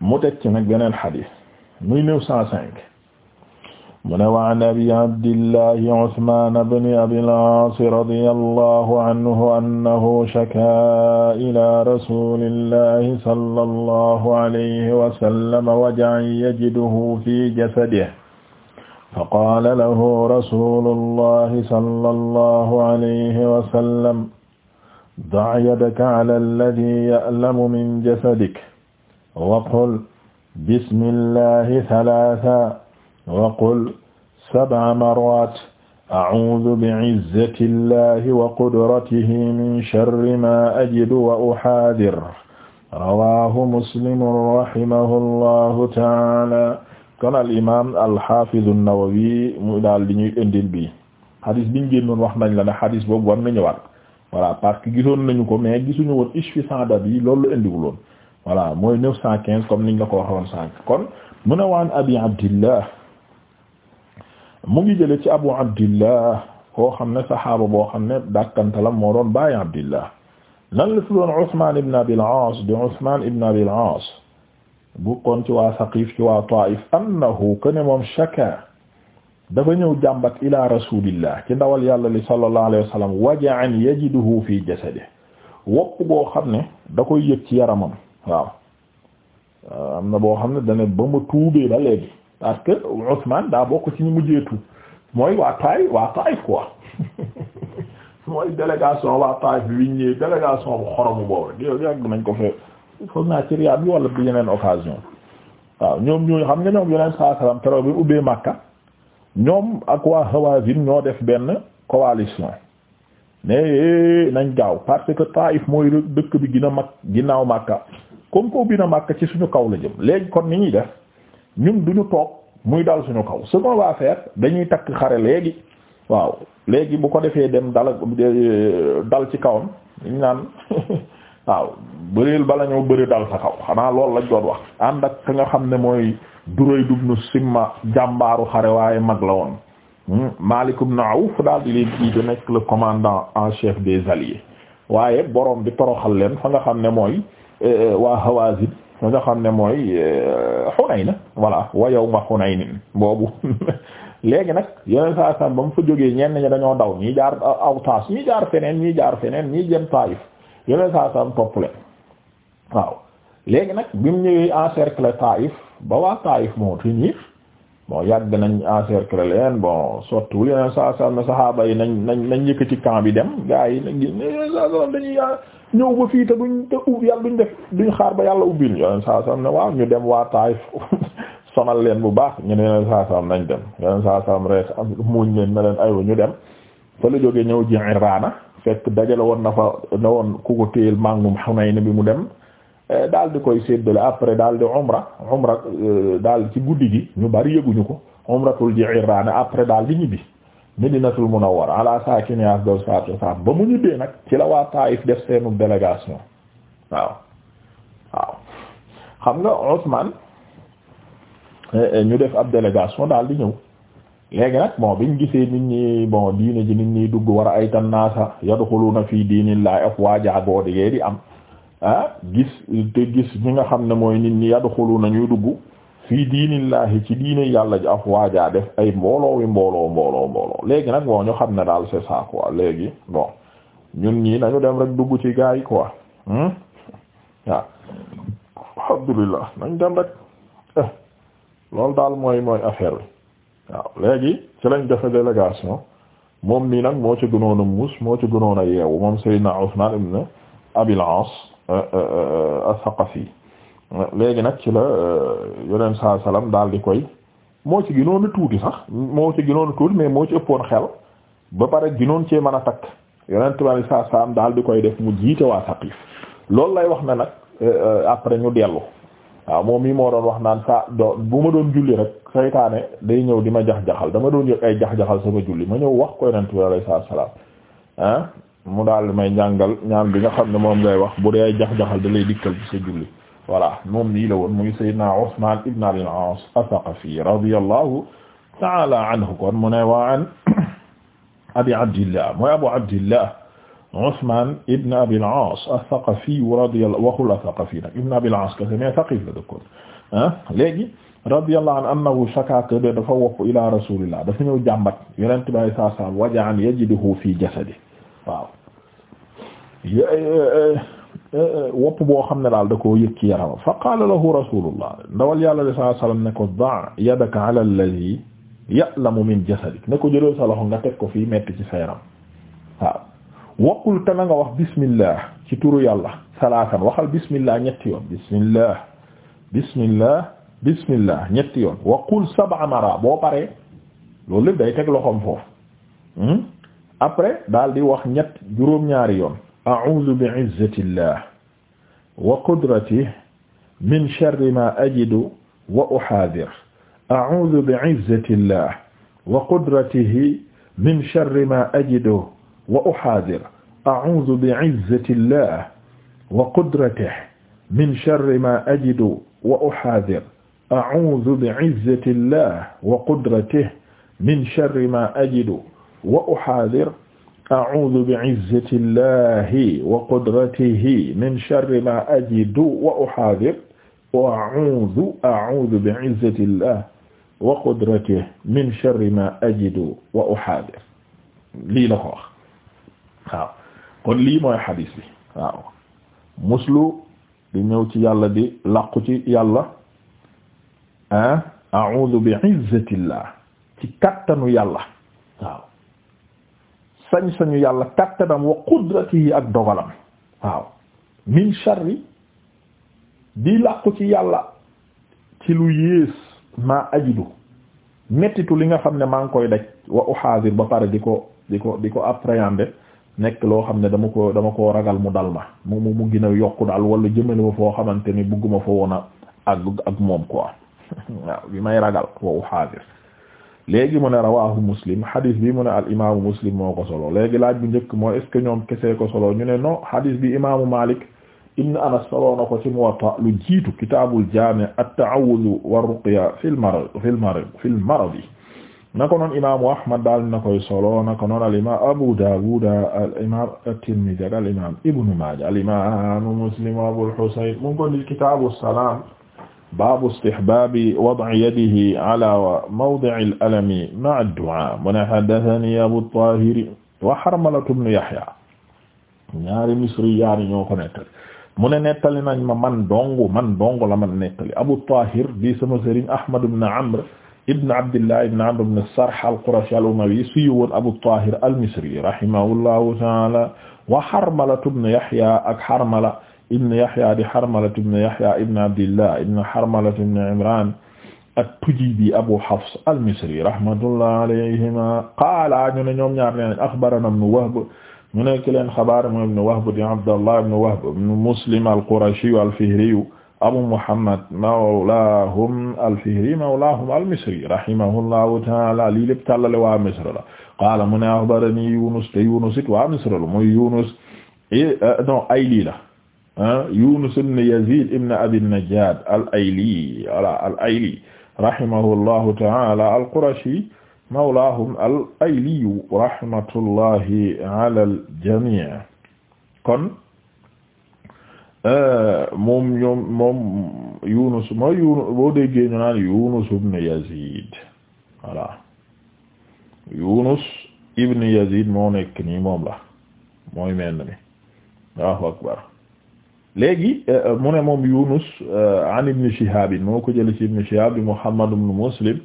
mu teg ci nag beneen xadis muy neuf cent cinq mu ne wa an abi abdillahi usman ibn abil aas radiyallahu anhu annahu shakaa ila rasulillahi sallallahu alayhi wa sallam wajan yajiduhu fi jasadihi faqaala lahu rasulullahi sallallahu alayhi wa sallam da' yadaka ala alladhi ya'lamu min jasadik waqul bismillahi talaata waqul sab'a marrat a'uudu bi'izzati llahi wa qudratihi min sharri maa ajidu wa uhaadir rawaahu muslimun rahimahullahu ta'aala kon al imaam al haafiz an-Nawawi mu daal di ñuy indil bi hadis biñ génnoon wax nañ la ne hadis boobu war na ñëwaat voilà parce que gisoon nañu ko mais gisuñu woon ishfi sa'da bi loolu la indiwuloon voilà mooy neuf cent quinze comme niñ la ko waxoon sànq kon mu ne waan abi abdillah mu ngi jële ci abu abdillah koo xam ne saxaaba boo xam ne dàkkantalam moo doon bàyyi abdillah lan la tuddoon Usmaan ibn Abil Aas di Usmaan ibn Abil Aas bokkoon ci waa Saqiif ci waa Taa'if annahu kaana moom shaka dafa ñëw jàmbat ila rasulillah ci ndawal yàlla li sallallahu alayhi wa sallam waja'an yajiduhu fi jasadihi wopp boo xam ne da koy yëg ci yaramam waaw euh, am na boo xam ne dane ba ma tuubee ba léegi parce que Ousmane daa bokk ci ñu mujjee tuub mooy waa Taïf waa Taïf quoi mooy délégation waa Taïf bu xoromu boobu nañ ko fee foog naa ci riyaat bi wala bi yeneen occasion waaw ñoom ñooñu xam nga ñoom yeneen saa salaam keroog bi ubbee Makka ñoom ak waa Hawazin ñoo def benn coalition mais eh, nañ gaaw parce que Taïf mooy dëkk bi gina a mag ginnaaw Makka comme que ubbi na màkk ci suñu kaw la jëm léegi kon ni ñuy def ñun duñu toog muy dal suñu kaw ce qu'on va dañuy takk xare léegi waaw léegi bu ko defee dem dal euh, dal ci kawam dañ naan waaw bëril bala ñoo bëri dal sa kaw xanaa loolu lañ doon wax ànd ak ka nga xam ne mooy duray dubnu simma jàmbaaru xare waaye mag la woon hmm, Malik ibn Awf daal di leen jiite nekk le commandant en chef des alliés waaye boroom bi toroxal leen fa nga xam ne mooy Euh, waa Hawazin nga nga xam ne mooy euh, Hunayna voilà wa yawma Hunaynin boobu léegi nag yeneen saa san ba mu fa jógee ñenn ñi dañoo daw ñii jaar Awtaas ñii jaar feneen ñii jaar feneen ñii jëm Taayif yeneen saa san topp leen waaw léegi nag bi mu ñëwee encercler Taayif ba waa Taayif moo tenir bon yàgg nañ encercler leen bon surtout yeneen saa san na saxaaba yi nañ nañ nañ yëkkati camp bi dem gaa yi nag gis ne saa san dañuy ñëw ba fii te duñ te ub yàlla duñ def duñ xaar ba yàlla ubbil yoneen saa saam ne waaw ñu dem waa Taayif sonal leen bu baax ñu ne yoneen saa saam dem yoneen saa am muuñ leen ne leen aywa ñu dem fa la jógee ñëw Ji'irraana fekk dajale woon na fa na woon ku ko téyel màngum Hunayn bi mu dem eh, daal di koy séddale après daal di umra umra eh, daal ci guddi gi ñu bari yëguñu ko umratul Ji'irraana après daal di ñibbi Medinatul Munawwara ala saakini afdal salaatu wassalaam ba mu ñibbee nag ci la waa Taif def seenu délégation waaw waaw xam nga Ousmane eh, eh, ñu def ab délégation daal di ñëw léegi nag bon biñ gisee nit ñi bon diine ji nit ñi dugg war a ay tannaasa yadxuluuna fii diinillaahi afwaajaa di am ah gis te gis ñi nga xam ne mooy nit ñi yadxuluuna ñuy dugg fii diinillahi ci diine yàlla ji afwaaja def ay mbooloo wi mbooloo mbooloo mbooloo léegi nag bon ñu xam ne daal se ça quoi léegi bon ñun ñii nañu dem rek dugg ci gaa yi quoi hmm? waaw alhamdulillah nañ dem rek eh, loolu daal mooy mooy affaire bi waaw léegi ci lañ defe délégation moom nii nag moo ci gënoon muus moo ci gënoon a yeewu moom Seydina Usman ibn Abil As euh, euh, euh, as-Saqafi léegi nag ci la yoneen saa salaam daal di koy moo ci ginoonu tuuti sax moo ci ginoonu tuuti mais moo ci ëppoon xel ba pare ginoon cee mën a takk yonent bi saa salaam daal di koy def mu jiite waa Saqif loolu lay wax na nag euh, euh, après ñu dellu waaw moom mii moo doon wax naan saa doo bu ma doon julli rek saytaane day ñëw di ma jax-jaxal dama doon yëg ay jax-jaxal sama julli ma ñëw wax ko yonent bi alayhi salaam ah, mu daal di may njàngal ñaan bi nga xam ne moom ngay wax bu dee ay jax da lay dikkal ci sa julli voilà moom nii la woon muy Seydina Usman ibn Abil As Athaqafi radiyallahu ta'ala anhu kon mu ne wa an Abi Abdillah mooy Abu Abdillah Usman ibn Abil As Athaqafi radiyallahu waxul Athaqafi nag ibn Abil As kese mais Thaqif la dëkkoon ah léegi radiyallahu anhu annahu shakaaka dafa wopp ila rasulillah dafa ñëw jàmbat yonent bi saa saa waja'an yajiduhu fi jasadihi waaw. Eh, eh, eh, Eh, wopp boo xam ne daal da koo yëg ci yaram fa qaala lahu rasulullah ndawal yàlla sallallahu alayhi wasallam ne ko ne ko jëlal sa ko fii metti ci sa yaram waaw waqul te na nga wax bismillah ci turu yàlla salaasan waxal bismillah ñetti yoon bismillah bismillah bismillah ñetti yoon waqul sab'a mara boo paree loolu lépp day teg loxoom foofu hmm? après daal di wax ñett juróom-ñaari yoon a'uuzu bi'izzati llah wa qudratihi min sharri maa ajidu wa uhaadir a'uuzu bi'izzati llah wa qudratihi min sharri maa ajidu wa uhaadir a'uuzu bi'izzati llah wa qudratihi min sharri maa ajidu wa uhaadir a'uuzu bi'izzati llah wa qudratihi min sharri maa ajidu wa uhaadir a'uudu bi'izzati llahi wa qudratihi min sharri ma ajidu wa uhaadir wa a'uudu a'uudu bi'izzati llahi wa qudratihi min sharri ma ajidu wa uhaadir lii la ko wax waaw kon lii mooy xadiis bi waaw muslu di ñëw ci yàlla di làqu ci yàlla ah a'uudu bi'izzati llahi ci kattanu yàlla waaw sañ-sañu yàlla kattanam wa qudratihi ak dogalam waaw min sharri di làqu ci yàlla ci lu yées maa ajidu mettitu li nga xam ne maa ngi koy daj wa uhaazir ba pare di ko di ko di ko appréhender nekk loo xam ne dama ko dama ko ragal mu dal ma mu mu mu gën yokku daal wala jëmale ma foo xamante ni bëgguma fa woon a ak ak moom quoi waaw bi may ragal wa uhaazir léegi mu ne rawahu muslim hadis bi muslim moo ko solo laaj bu njëkk mooy est-ce que ñoom kesee ko ne non hadis bi imaamu Malik ibn Anas solo na ko ci Muwatta lu jiitu kitaabul jaami' ruqya fil marad na ko noon Ahmad daal na koy solo na ko noon al imaam Abu Dawud al Muslim Abul Husayn mu ngi ko di baabu istihbaabi wad'i yadihi ala mawdi'i al-alami ma'a ad-du'aa mu ne haddathanii Abu Taahir wa Harmalatu bnu Yahyaa ñaari misri yaani ñoo ko nettali mu ne nettali nañ ma man dong man dong la man nettali Abu Taahir di sama sëriñ Ahmad ibn Amr ibn Abdillah ibn Amr ibn Sarh al-Qurashi al-Umawi suy woon Abu Taahir al-Misri rahimahullahu ta'aala wa Harmalatu bnu Yahyaa ak Harmala ibn Yahya di Harmala ibn Yahya ibn Abdillah ibn Harmala ibn Imran at-Tujibi Abu Hafs al-Misri rahmatullah alayhima qaala ñu ne ñoom ñaar nee nañ axbarana ibn Wahb ñu nekk leen xabaar moom ibn Wahb di Abdallah ibn Wahb ibn Muslim al-Qurashi al-Fihri Abu Muhammad mawlaahum al-Fihri mawlaahum al-Misri rahimahullahu ta'ala lii lépp tàllale waa Misr la qaala mu ne axbarani Yunus te Yunus it waa Misr la mooy Yunus eh, eh, non ay lii la Ah Yunus ibn Yazid ibn Abi Najjad al-Ayli ala al-Ayli rahimahullahu ta'ala al-Qurashi mawlahum al-Ayli rahmatullahi ala al-jami' kon eh, moom ñoom moom Yunus moo Yunus boo déggee ñu naan Yunus ibn Yazid voilà Yunus ibn Yazid moo nekk nii moom la mooy mel ni Allahu akbar léegi euh, mu ne moom Yunus euh, an ibn Shihab moo ko jëlee ci ibn Shihab bi Muhammad ibn Muslim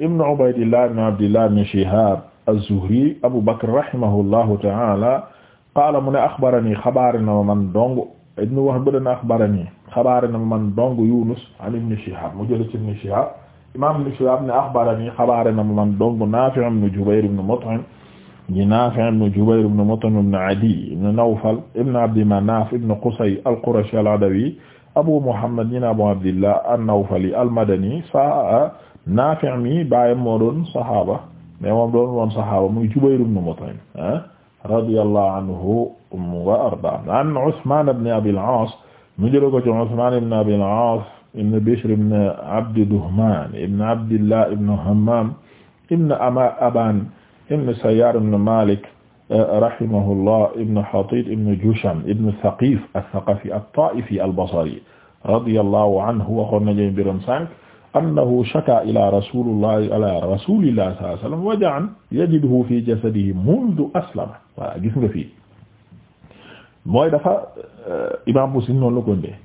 ibn Ubaydillah ibn Abdillah ibn Shihab az-Zuhri Abu Bakr rahimahullahu ta'ala qaala mu ne axbarani xabaare na ma man dong ibn Wahb dana axbarani xabaare na ma man dong Yunus an ibn Shihab mu jëlee ci ibn Shihab imam ibn Shihab ne axbarani xabaare na ma man dong Nafi' ibn Jubayr ibn Mut'im di Naafi' ibn Jubayr ibn Mut'im ibn Adiy ibn Nawfal ibn Abdi Manaaf ibn Qusay al-Qurashi al-Adawi Abu Muhammad ñi na Abu Abdillah an-Nawfali al-Madani sa Naafi' mi baayam moo doon saxaaba mais moom doon woon saxaaba muy Jubayr ibn Mut'im ah, radiyallahu anhu wa arda an Usmaan ibn Abi al-Aas mu jël ko ci Usmaan ibn Abi al-Aas ibn Bishr ibn Abdi Duhmaan ibn Abdillah ibn Hammaam ibn Ama Abaan ibn Sayyar ibn Malik eh, rahimahullah ibn Hatit ibn Jusham ibn Thaqif ath-Thaqafi at-Ta'ifi al-Basri radiyallahu anhu waxoon nañu mbiram sànq annahu shaka ila rasulillah ila rasulillah sallallahu alayhi wa sallam waja'an yajiduhu fi jasadihi mundu aslama voilà gis nga fii mooy dafa eh, Imam Muslim noonu la ko indee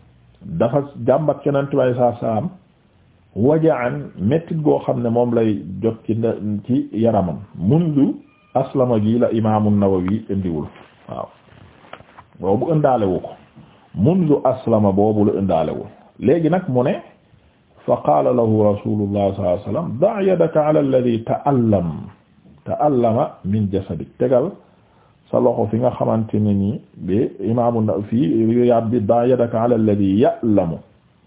dafa jàmbat keneen tubaab yi saa saa am wajaan mettit goo xam ne moom lay jot ci ci yaramam mundu aslama gi la imaamu Nawawi indiwul waaw boobu mundu aslama boobu la indaalewul léegi nag mu ne fa qaala lahu rasulullah sallallahu alayhi wasallam da' yadaka ala alladhi ta'allam min jasadik tegal sa loxo fi nga xamante ne nii bi imaamu Nawawi fii bi da' yadaka ala alladhi ya'lamu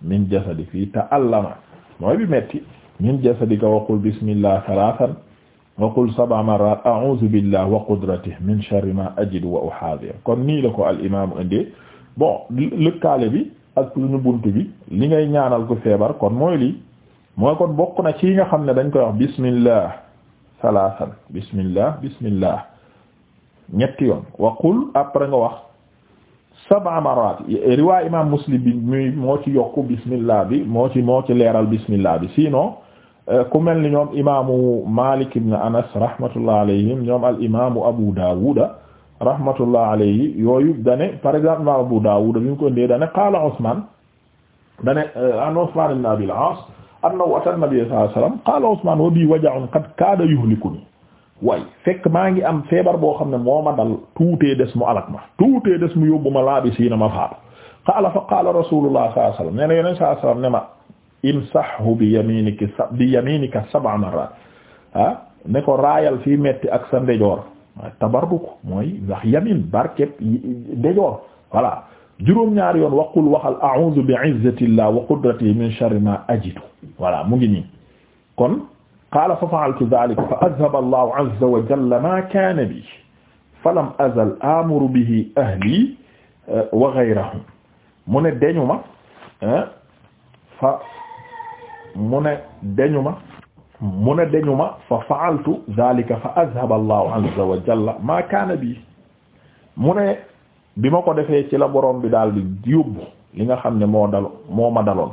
min jasadik fii ta'allama mooy bi metti min jasadika waqul bismillah salaasan waqul sab'a marrat a'udhu billahi wa qudratihi min sharri ma ajidu wa uhadhir kon nii la ko al imam indee bon lëkkaale bi ak lu ñu bunt bi li ngay ñaanal ko feebar kon mooy lii mooy kon bokk na ci nga xam ne dañ koy wax bismillah salaasan bismillah bismillah ñetti yoon waqul après nga wax sab'a marat riwaay imam muslim bi muy moo ci yokku bismillah bi moo ci moo ci leeral bismillah bi sinon eh, ku mel ni ñoom imaamu malik ibn anas rahmatullah alayhim ñoom al imaamu abu daawuda rahmatullah alayhi yooyu dane par exemple imam abu daawuda bi ñu ko ndee dane qaala usman dane eh, an usman ibn abil as annahu ata an nabiy sallallahu alayhi wasallam qaala usman wa bi waja'un qad kaada yuhlikuni way fekk maa ngi am feebar boo xam ne moo ma dal tuutee des mu alak ma tuutee des mu yóbbu ma laabi siina ma faatu qaala fa qaala rasulullah sallallahu alayhi wasallam nee na yoneen sallallahu alayhi wasallam ne ma imsahhu bi yaminika bi yaminika sab'a marrat ah ne ko raayal fii metti ak sa ndejoor tabarruk mooy ndax yamin barkeb ndejoor voilà juróom-ñaar yoon waqul waxal a'udhu bi'izzati llah wa qudratihi min sharri ma ajitu voilà mu ngi nii kon qaala fa fa'altu dhaalika fa adhhaba Allahu 'azza wa jalla maa kaana bi falam azal amuru bihi ahli wa ghayrahum mu ne deñu ma eh, fa mu ne deñu ma mu ne deñu ma fa fa'altu dhaalika fa adhhaba Allahu 'azza wa jalla maa kaana bi mu ne bi ma ko defee ci la borom bi daal di yóbbu li nga xam ne moo dal moo ma daloon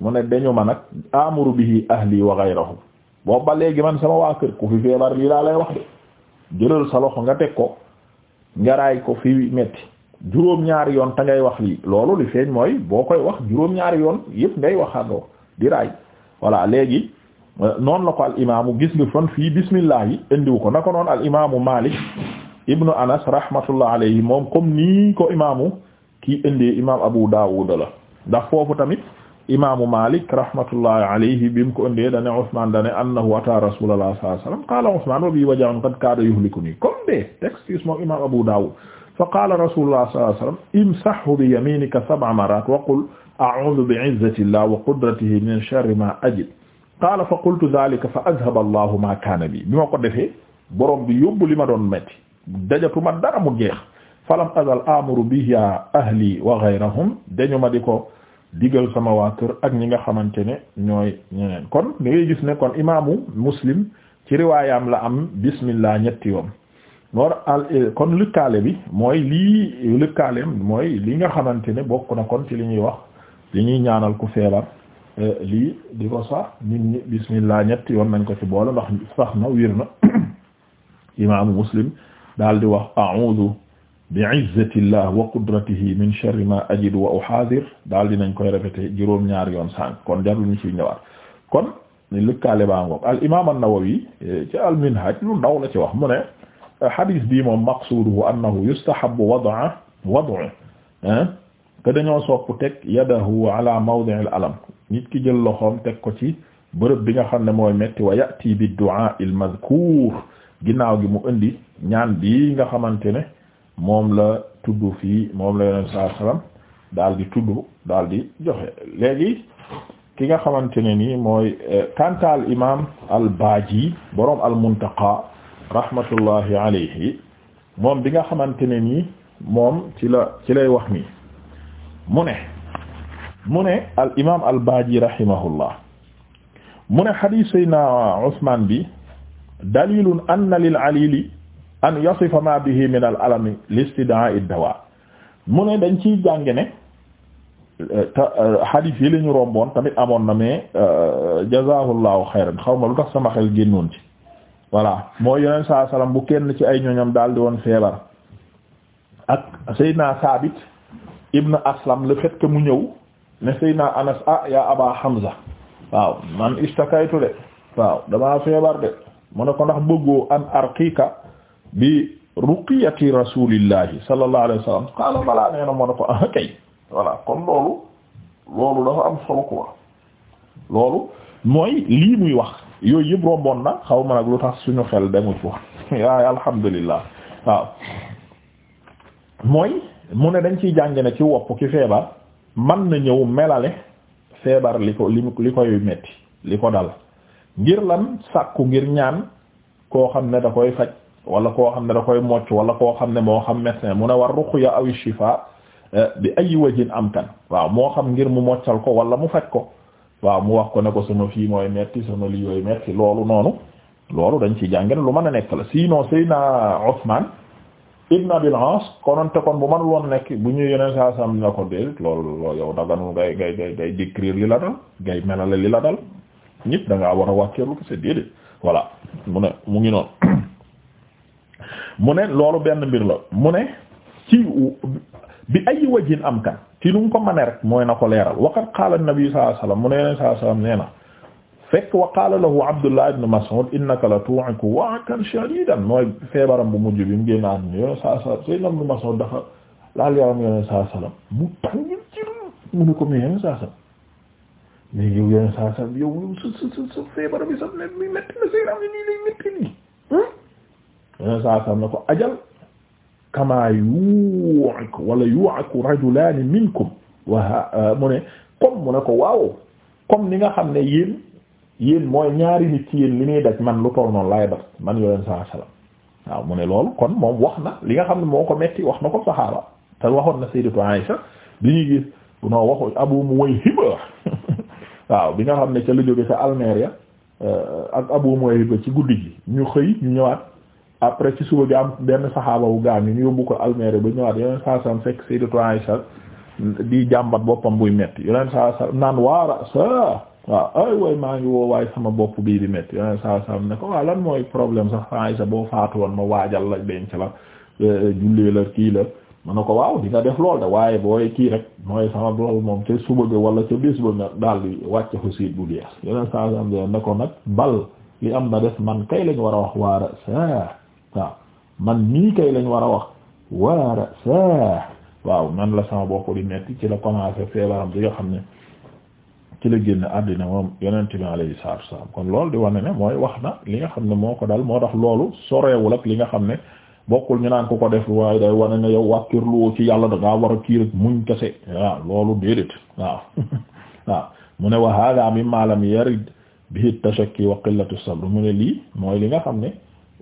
mu ne deñu ma nag amuru bihi ahli wa ghayrahum boobu ba léegi man sama waa kër ku fi feebar lii laa lay wax de jëlal sa loxo nga teg ko nga ko fi metti juróom-ñaari yoon ta ngay wax lii loolu li feeñ mooy boo koy wax juróom-ñaari yoon yëpp ngay waxandoo di raay voilà léegi euh, noonu la ko al imaamu gis nga fan fii bismillah yi indiwu ko naka noonu al imaamu Malik ibnu Anas rahmatullah alayhi moom comme nii ko imaamu kii indee imaam Abu Dawud la ndax foofu tamit. imaamu Malik rahmatullahi alayhi bi mu ko indee dane Usman dane annahu ata Rasulullah sallallahu alayhi wasallam qala Usman wa bi waja'un qad kaada yuhlikuni comme de texte moom imam Abu Dawud fa qala Rasulullah sallallahu alayhi wasallam imsahhu bi yaminika sab'a marat wa qul a'udhu bi'izzati llah wa qudratihi min sharri ma ajid qala fa qultu dhalika fa adhhaba allahu ma kaana bi bi ma ko defee borom bi yóbbu li ma doon métti dajatuma dara mu jeex falam azal amuru biha ahli wa ghayrahum dañu ma di ko digal sama waa kër ak ñi nga xamante ne ñooy ñeneen kon da ngay gis ne kon imaamu muslim ci riwaayam la am bismillah ñetti yoon noor al eh, kon lëkkaale bi mooy lii lëkkaaleem mooy lii nga xamante ne bokk na kon ci li ñuy wax li ñuy ñaanal ku feebar eh, lii di ko sax nit ñi bismillah ñetti yoon nañ ko ci boole ndax sax na wir na imaamu muslim daal di wax a'udhu bi'izzati llah wa qudratihi min sharri ma ajidu wa uhaadir daal dinañ koy répété juróom ñaar yoon sànq kon jarul ñu ci ñëwaat kon ni lëkkaale baa ngoog al imam an-Nawawi eh, ci al minhaj lu ndaw la ci wax mu ne hadis eh, bii moom maqsuuduhu annahu yustahabbu wad'a wad'u te eh, dañoo sopp teg yadahu ala mawdi' al alam nit ki jël loxoom teg ko ci bërëb bi nga xam ne mooy metti wa ya'ti bi du'a al madhkur ginnaaw gi mu indi ñaan bi nga xamante ne moom la tudd fii moom la yeneen saa salaam daal di tudd daal di joxe léegi ki nga xamante ne nii mooy eh, kantaal imaam al baaji boroom al muntaqa rahmatullahi alayhi moom bi nga xamante ne nii moom ci la ci lay wax ni mu ne mu ne al imaam al baaji rahimahullah mu ne xadiis sayna Usmaan bi dalilun anna lil alili an yasifa ma bihi min al alami listida'i dawa mu ne dañ ci jànge ne euh, te euh, hadith yi la ñu romboon tamit amoon na mais euh, jazahullahu xayran xaw ma lu tax sama xel génnoon ci voilà moo yeneen saa salaam bu kenn ci ay ñoñam daal di woon feebar ak Seydina Sabit ibn Aslam le fait mu ñëw ne Seydina Anas ah ya Aba Hamza waaw man istakaytu de waaw damaa feebar de mu ne ko ndax bëggoo an arqiika bi ruqiyati rasulillahi sallallahu alayhi wa sallam qaala balaa ko ah kay voilà kon loolu loolu dafa am solo quoi loolu mooy lii muy wax yooyu yëpp romboon na xaw ma nag lu tax suñu xel demul foofu waaye alhamdulillah waaw mooy mu ne dañ ciy jàng ne ci wopp ki feebar man na ñëw melale feebar li ko li koy metti li ko dal ngir lan sàkku ngir ñaan koo xam ne da koy faj wala koo xam ne da koy mocc wala koo xam ne moo xam médecin mu ne war ruqya aw shifa eh, bi ay wajin am kan waaw moo xam ngir mu moccal ko wala mu faj ko waaw mu wax ko ne ko sama fii mooy metti sama lii yooyu metti loolu noonu loolu dañ ciy jàngale lu mën a nekk la sinon Seyna Ousmane Ibn Abil As kononte kon bu mënul woon nekk bu ñu yeneen saa sam na ko déedéet loolu loolu yow daganul ngay ngay ngay ngay décrire li la dal ngay melale li la dal nit da ngaa war a wàcceelu ko c'est voilà mu mu ngi noonu mu ne loolu benn mbir la mu ne ci bi ay wajin am kan ci lu mu ko mane rek mooy na ko leeral waqad qaala an-nabi sallallahu mu ne sallallahu alayhi wasallam na fekk wa qaala lahu Abdullah ibn Mas'ud la tu'iku bi mu génn am yoon saa saa Seydina Ibn Mas'ud dafa laal yaram yoon mu tàng jir mu ne ko mu yoon saa salaam mais yow yoon saa salaam yow yow sa sa sa feebar bi sax ne mi metti na sa yaram yi nii lay metti hmm? yeneen saa saam ne ko ajal kama yu'ak wala yu'aku rajulani minkum wa euh, mu ne comme mu ne ko waaw comme ni nga xam ne yéen yéen mooy ñaari nit ci yéen li muy daj man lu toll noonu laay man yoneen saa salaam waaw mu ne loolu kon moom wax na li nga xam ne moo ko metti wax na ko saxaaba te waxoon na sayyidatu Aisha bi ñuy gis noo waxu Abu Muwayhiba waaw bi nga xam ne ca la jóge ca Almeria euh, ak Abu Muwayhiba ci guddi gi ñu xëy ñu ñëwaat après ci suba gi am benn saxaaba bu gaañ ñu yóbbu ko almere ba ñëwaat yeneen saa saam fekk Sayyidatu Aisha di jàmbat boppam buy metti yeneen saa naan waara sa waaw ay way maa ngi woo waaye sama bopp bii di metti yeneen saa saam ne ko waaw lan mooy problème sax Aisha boo faatu woon ma waajal la denc la euh, euh, la kii la ma ne ko waaw di nga def lool de waaye booy kii rek mooy sama lool moom ca suba ga wala ca bés ba nga daal di wàcc fa siit bu dees yeneen saa saam ne ko nag bal li am na des man kay lañ war a wax waara sa waaw man nii kay lañ war a wax waara saa waaw man la sama bopp di metti ci la commencé feebaram bi nga xam ne ci la génn àddina moom yonent bi alayhi salaatu wasallam kon loolu di wane ne mooy wax na li nga xam ne moo ko dal moo tax loolu soreewul ak li nga xam ne bokkul ñu naan ko ko def waaye day wane ne yow wàkkirluwoo ci yàlla da war a kii rek muñ kese waaw loolu déedéet waaw waaw mu ne wa hada mimma lam yarid bihi tashakki wa qillatu sabr mu ne li nga xam ne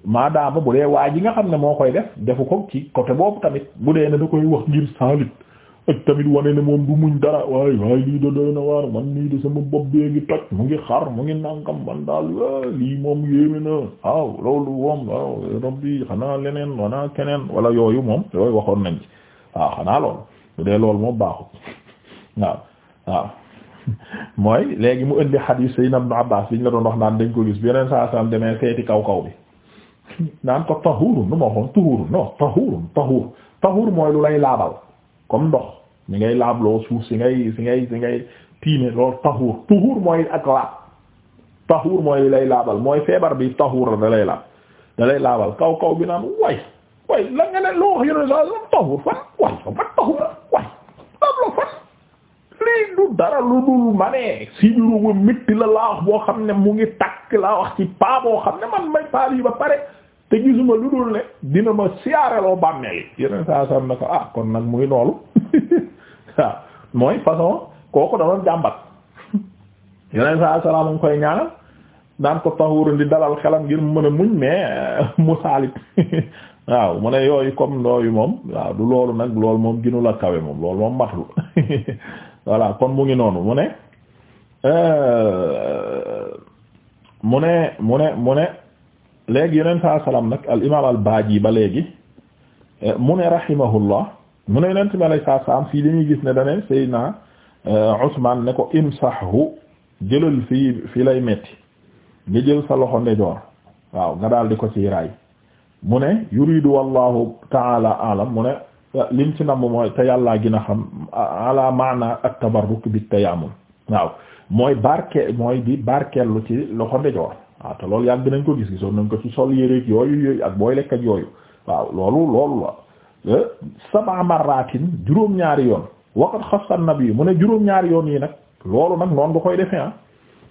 maadaama bu dee waa ji nga xam ne moo koy def defu ko ci côté boobu tamit bu dee ne da koy wax ngir saalit ak tamit wane ne moom du muñ dara waaye waaye lii da doy na waar man nii de sama bopp bee ngi toj mu ngi xar mu ngi nànkam man daal lii moom yéeme na waaw loolu moom waaw rabbi xanaa leneen wanaa keneen wala yooyu moom yooyu waxoon nañ ci waaw xanaa loolu bu dee loolu moom baaxul waaw waaw mooy léegi mu indi xadiis Seydina Ibn Abbaas biñ la doon wax naan ko yeneen saa saam kaw kaw naan ko tahurun nu ma waxoon tuhurun non tahurun mooy lu lay laabal comme ndox mi ngay laabloo suuf si ngay si ngay si ngay tiime loolu tahur tuhur mooy ak laab tahur mooy lu lay laabal mooy feebar bi tahur la da lay laab da kaw kaw bi naan way way loo wax yéne sa tahur fan way fa bat tahur lii du dara lu dul ma ne sibiru bu mitti la laa wax boo xam ne mu ngi takk laa wax ci paa boo xam ne man may paa bii ba pare te gisuma lu dul ne dina ma siyaareloo bàmmeel yi yeneen saa sam ne ko ah nag muy noolu waaw ah, mooy façon kooku da doon jàmbat yeneen saa koy ñaanal naan ko taxawuroon di dalal xelam ngir mu mën a muñ mais mu saalit waaw mu ne yooyu comme yooyu moom waaw du loolu nag loolu moom ginu la kawe moom loolu moom matul voilà kon mu ngi noonu mu ne euh, mu ne mu ne léegi yeneen saa salaam nag al imaam al baaji ba léegi euh, mu ne rahimahullah mu ne yeneen saa lay saa salaam fii dañuy gis ne dane Seydina euh, Usmaan ne ko imsahu jëlal fii fii lay metti nga jël sa loxo ndejoor waaw nga daal di ko ci mu ne yuridu wallahu taala alam mu ne lim ci nam mooy te yàllaa gën a xam ala maana ak tabarruk bi tayammum waaw mooy barke mooy di barkeellu ci loxo ndejoor waaw te loolu yàgg nañ ko gis gisoon nañ ko ci sol yéreeg yooyu yooyu ak booy lekk yooyu waaw loolu lool la eh, sab'a marratin juróom-ñaari yoon waqad xassa an yi mu ne juróom-ñaari yoon yi nag loolu nag noonu nga koy defee ah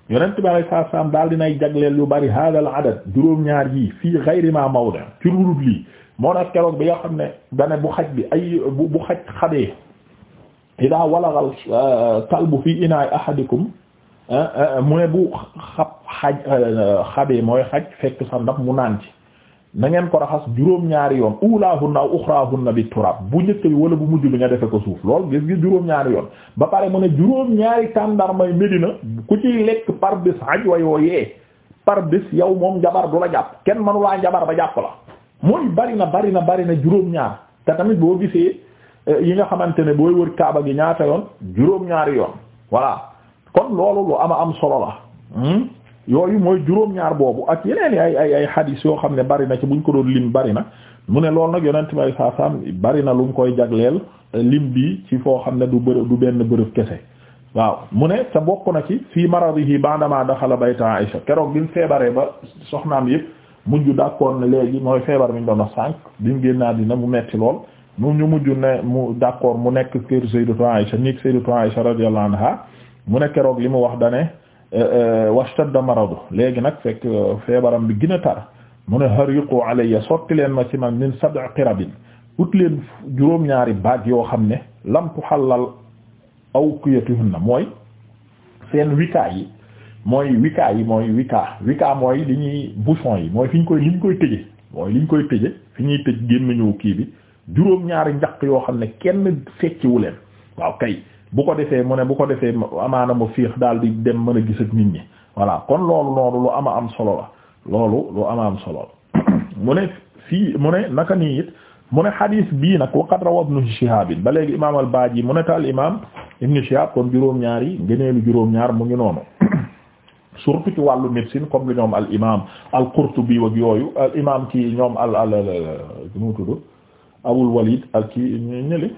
yonent bi alayhi salaatu salaam daal dinay jagleel yu bari hadal adad juróom-ñaar yi fii ghayri ma mawdi ci rurub lii moo nag keroog bi nga xam ne dane bu xaj bi ay bu bu xaj xadee idaa walagal euh, kalbu fi inaay ahadikum euh, euh, mu ne bu xab xaj xadee mooy xaj fekk sa ndab mu naan ci na ngeen ko raxas juróom-ñaari yoon ulaahunna aw na bi turab bu njëkk bi wala bu mujj bi nga defe ko suuf lool gis gis juróom-ñaari yoon ba pare mu ne juróom-ñaari tàndarmay Medina ku ciy lekk par bés ajwa yooyee par bés yow moom jabar du la jàpp kenn manulaa jabar ba jàpp la mooy bari na bari na bari na juróom-ñaar te tamit boo gisee eh, yi nga xamante ne booy wër kaaba gi ñaata yoon juróom-ñaari yoon voilà kon loolu lu ama am solo la hmm? yooyu mooy juróom-ñaar boobu ak yeneen ay ay ay hadith yoo xam ne bari na ci buñ ko doon lim bari na mu ne loolu nag yonent may saa saam bari na lu mu koy jagleel eh, lim bi ci foo xam ne du bërëb du benn bërëb kese waaw mu ne te bokk na ci fii maradihi ba'dama daxala bayta Aïsha keroog bi mu feebaree ba soxnaam yëpp mujj d'accord ne léegi mooy feebar mi ñu doon wax sànq bi mu génnaa dina mu metti lool mu ñu mujj ne mu d'accord mu nekk kër Sayyidatu Aïsha nekk Sayyidatu Aïsha radiyallahu anha mu ne keroog li mu wax dane washtadda maradu léegi nag fekk euh, feebaram bi gën tar mu ne hariqu alayya sotti leen ma ci man min sab'i qirabin ut leen juróom-ñaari baag yoo xam ne lam tuhallal awqiyatuhunna mooy seen wikaa yi mooy wikaa yi mooy wikaa wikaa mooy li ñuy bouchon yi mooy fi ñu koy li ñu koy tëje mooy li ñu koy tëje fi ñuy tëj génn ñu kii bi juróom-ñaari njaq yoo xam ne kenn fecciwu leen waaw kay bu ko defee mu ne bu ko defee amaana ma fiix daal di dem mën a gis ak nit ñi voilà kon loolu loolu lu ama am solo la loolu lu ama am solo la mu ne fii mu ne naka nii mu ne xadiis bii nag wa qad rawa ibnu ba léegi imaam al yi mu ne taal imaam ibnu Shihaab kon juróom-ñaar yi gëneelu juróom-ñaar mu ngi noonu surtout ci wàllu médecine comme lu ñoom al imaam al Qurtubi wak yooyu al imaam ci ñoom al al nu mu Abul Walid ak ci ñële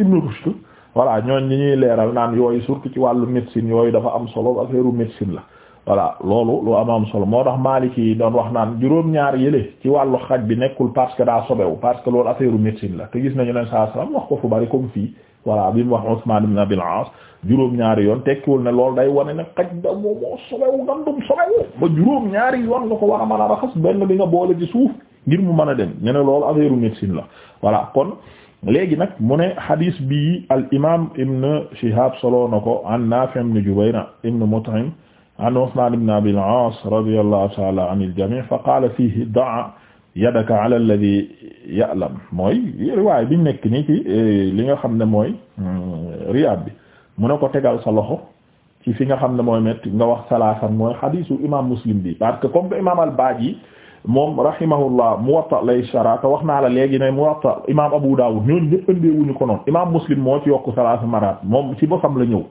Ibn Rushd voilà ñooñ ñi ñuy leeral naan yooyu surtout ci wàllu médecine yooyu dafa am solo affaire médecine la voilà loolu lu am am solo moo tax maali yi doon wax naan juróom-ñaar yële ci wàllu xaj bi nekkul parce que daa sobewu parce que loolu affaire médecine la te gis nañu leen saa salaam wax ko fu bari comme fii voilà bi mu wax Usman ibn Abil As juróom-ñaari yoon tekkiwul ne lool day wane ne xaj da moo moo sobewu ngandum sobewu ba juróom ko war a mën a raxas benn bi nga boole ci suuf ngir mu mën a dem ñu lool loolu affaire médecine la voilà kon léegi nag mu ne hadis bii al imaam Ibn Shihab solo na ko an Naafi' ibn Jubayr ibn Mut'im an Usmaan ibn Abil Aas radiyallahu ta'ala anil jamii' fa qaala fiihi da' yadaka ala alladhi ya'lam mooy riwaay bi nekk nii ci eh, li nga xam ne mooy mm, Riyaad bi mu ne ko tegal sa loxo ci fi nga xam ne mooy métti nga wax salaasan mooy hadisu imaam Muslim bi parce que comme que imaam al-Baaji moom rahimahullah Muwatta lay sharata wax naa la léegi ne Muwatta imaam Abu Dawud ñooñu ñëpp andeewuñu ko noonu imaam Muslim moo ci yokk salaasa maraat moom ci boppam la ñëw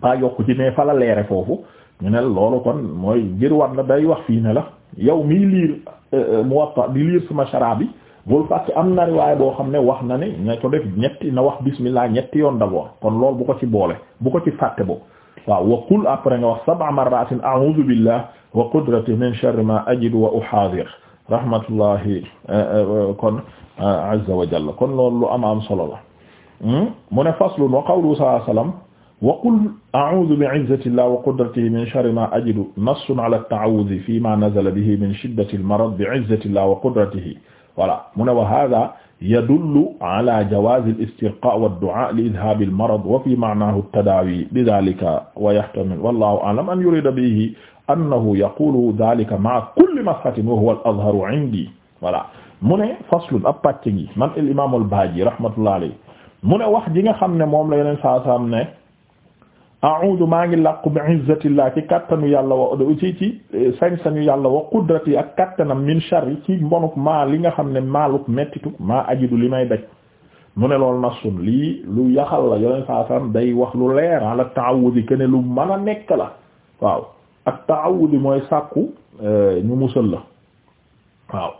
pas yokk ci la leere foofu ñu ne loolu mooy ngir war na day wax fii ne la yow miy liir euh, euh, Muwatta di liir sama shara bi bul fàtte am na riwaay boo xam ne wax na ne na ko def ñetti na wax bismillah ñetti yoon d'abord kon loolu bu ko ci boole bu ko ci fàtte boobu waaw wa qul après nga wax sab'a marratin a'udhu billah wa qudrati min sharri ma ajidu wa uhadir rahmatullahi eh, eh, kon eh, azza wa jalla kon loolu lu am am solo la hmm? mu ne faslun wa qawlu sallallahu alayhi wasallam wa qul a'udhu bi'izzati llah wa qudratihi min sharri ma ajidu nassun ala at-ta'awudhi fi ma nazala bihi min shiddati al-marad bi'izzati llah wa qudratihi voilà mu ne wa hadha yadullu ala jawaazi al-istirqaa' wad-du'aa' li-izhaabi al-marad wa fii ma'naahu at-tadaawi bi-dhaalika wa yahtamil wallaahu a'lam an yuriida bihi annahu yaquulu dhaalika ma'a kulli masxatin wa huwa al-azharu 'indii voilà mu ne faslun ab pàcc gi man al-imaam al-Baaji rahmatullahi alayhi mu ne wax ji nga xam ne moom la yeneen saa saam ne. a'udhu maa ngi làqu bi izzatillah ci kattanu yàlla wa ci ci eh, sañ-sañu yàlla wa qudrati ak kattanam min sharri ci mbonuk maa li nga xam ne maaluk mettitu maa ajidu li may daj mu ne loolu nasun lii lu yaxal la yoleen saa san day wax lu leer ala ta'awudi kene lu mën a nekk la waaw ak ta'awudi mooy sàkku eh, ñu musal la waaw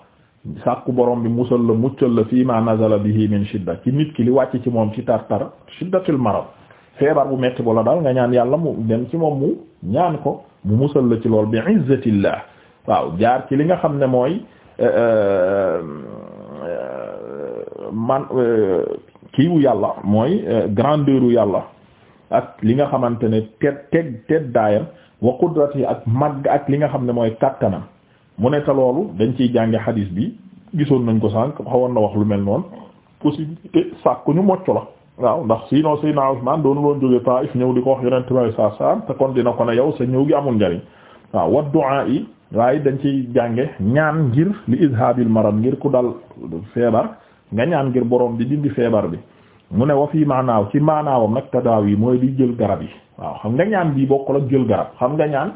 sàkku borom bi musal la muccal la fii ma nazala bihi min shidda ci nit ki li wàcc ci moom ci tar tar shiddatul marad feebar bu metti bu la dal nga ñaan yàlla mu dem ci moom mu ñaan ko mu musal la ci lool bi izzatillah waaw jaar ci li nga xam ne mooy euh, euh, man euh, kiiwu yàlla mooy grandeuru yàlla ak li nga xamante ne ted ted ted daayam wa qudrati ak màgg ak li nga xam ne mooy kàttanam mu ne loolu dañ ciy jànge xadiis bi gisoon nañ ko sànq xawoon na wax lu mel noonu possibilité sàkku ñu mocc la waaw ndax sinon Seydina Usmaan doonu loon jóge Taif ñëw di ko wax yonent bi sallallahu alayhi te kon dina ko ne yow sa ñëw gi amul njariñ waaw wa du'a yi waaye dañ ci jànge ñaan ngir li izhabil marad ngir ku dal feebar nga ñaan ngir borom di dindi feebar bi mu ne wa fii maanaaw ci maanaawam nag tadaaw yi mooy di jël garab yi waaw xam nga ñaan bii bokkul ak jël garab xam nga ñaan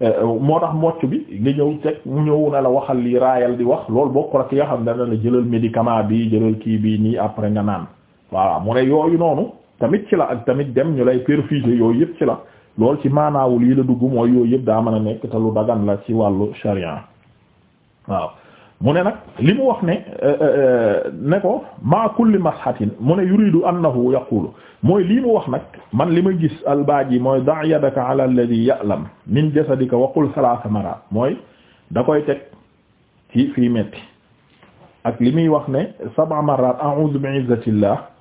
eh, moo tax mocc bi nga ñëw teg mu ñëwu na la waxal li raayal di wax loolu bokkul ak ki xam ne dana la jëlal médicament bi jëlal kii bi nii après nga waaw mu ne yooyu noonu tamit ci la ak tamit dem ñu lay perfuser yooyu yëpp ci la lool ci maanaawul yi la dugg mooy yooyu yëpp daa mën a nekk talu lu dagan la ci wàllu sharia waaw mu ne nag li mu wax ne euh, euh, euh, ne ko ma kulli mashatin mu ne yuridu annahu yaqulu mooy lii mu wax nag man li ma gis albaaji mooy da' yadaka ala alladhi ya'lam min jasadika wa qul thalatha marat mooy da koy teg ci fii metti ak li muy wax ne sab'a marat a'udhu bi'izzatillah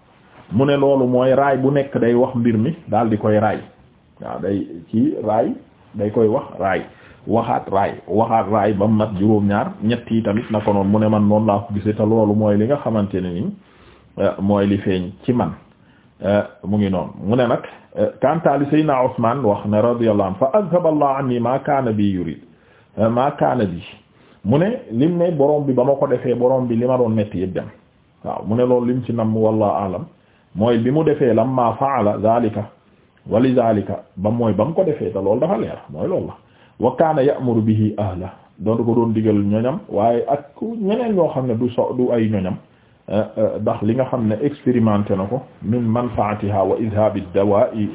mu ne loolu mooy raay bu nekk day wax mbir mi daal di koy raay waaw day ci raay day koy wax raay waxaat raay waxaat raay ba mat juróom-ñaar ñett yi tamit na ko noonu mu ne man noonu laa ko gisee te loolu mooy li nga xamante ne ni euh, mooy li feeñ ci man euh, mu ngi noonu mu ne nag euh, kantaali sayna Usman wax ne radiyallahu anhu fa azhaba Allah anni ma kaana bi yurid ma kaana bi mu ne lim ne borom bi ba ma ko defee borom bi li ma doon metti yëpp dem waaw mu loolu lim ci nam walla mooy bi mu defee lamma faala zalika wali zalika ba mooy ba mu ko defee te loolu dafa leer mooy loolu la wa kaana ya'muru bihi ahla doon ko doon digal ñoñam waaye ak ñeneen ñoo xam ne du so du ay ñoñam eh, eh, ndax li nga xam ne expérimenté na ko min manfaatiha wa idhabi dawa'i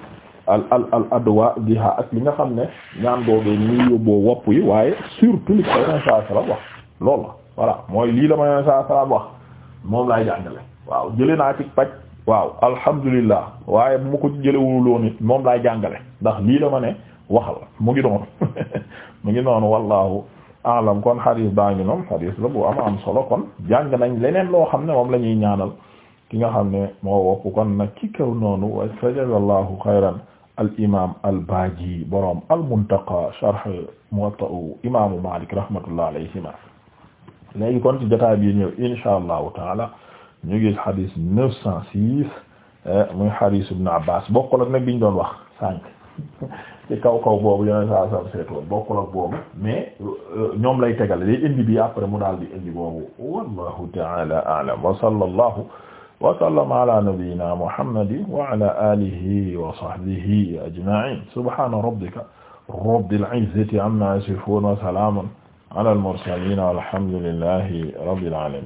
al al al adwa biha ak li nga xam ne ñaan googee ñuy yóbboo wopp yi waaye surtout li ko yeneen saa salaam wax loolu la voilà mooy lii la ma yeneen saa salaam wax moom laay jàngale waaw waaw alhamdulillah waaye bu ma ko jëlewuloon it moom laay jàngale ndax lii la ma ne waxal mu ngi noonu mu ngi noonu wallahu alam kon xadiis baa ngi noonu xadiis la bu am solo kon jàng nañ leneen loo xam ne moom lañuy ñaanal ki nga xam ne moo wopp kon nag ci kaw noonu wa jazallahu xayran al imaam al baaji borom al muntaqa imaamu Maalik rahmatullah alayhima léegi kon ci jotaay bi ñëw insha allahu taala ñu gis xadis neuf cent six eh, muy xadis Ibn Abbas bokkul ak nag biñ doon wax sànq ci kaw kaw boobu yeneen saa sam seetoon bokkul ak boobu mais euh, euh, ñoom lay tegale day indi bi après mu daal di indi boobu wallahu ta'ala a'lam wa sallallahu wa sallama ala nabiyyina muhammadin wa ala alihi wa sahbihi ajma'in subhana rabbika rabbil izzati amma yasifun wa salamun ala al mursalin walhamdulillahi rabbil alamin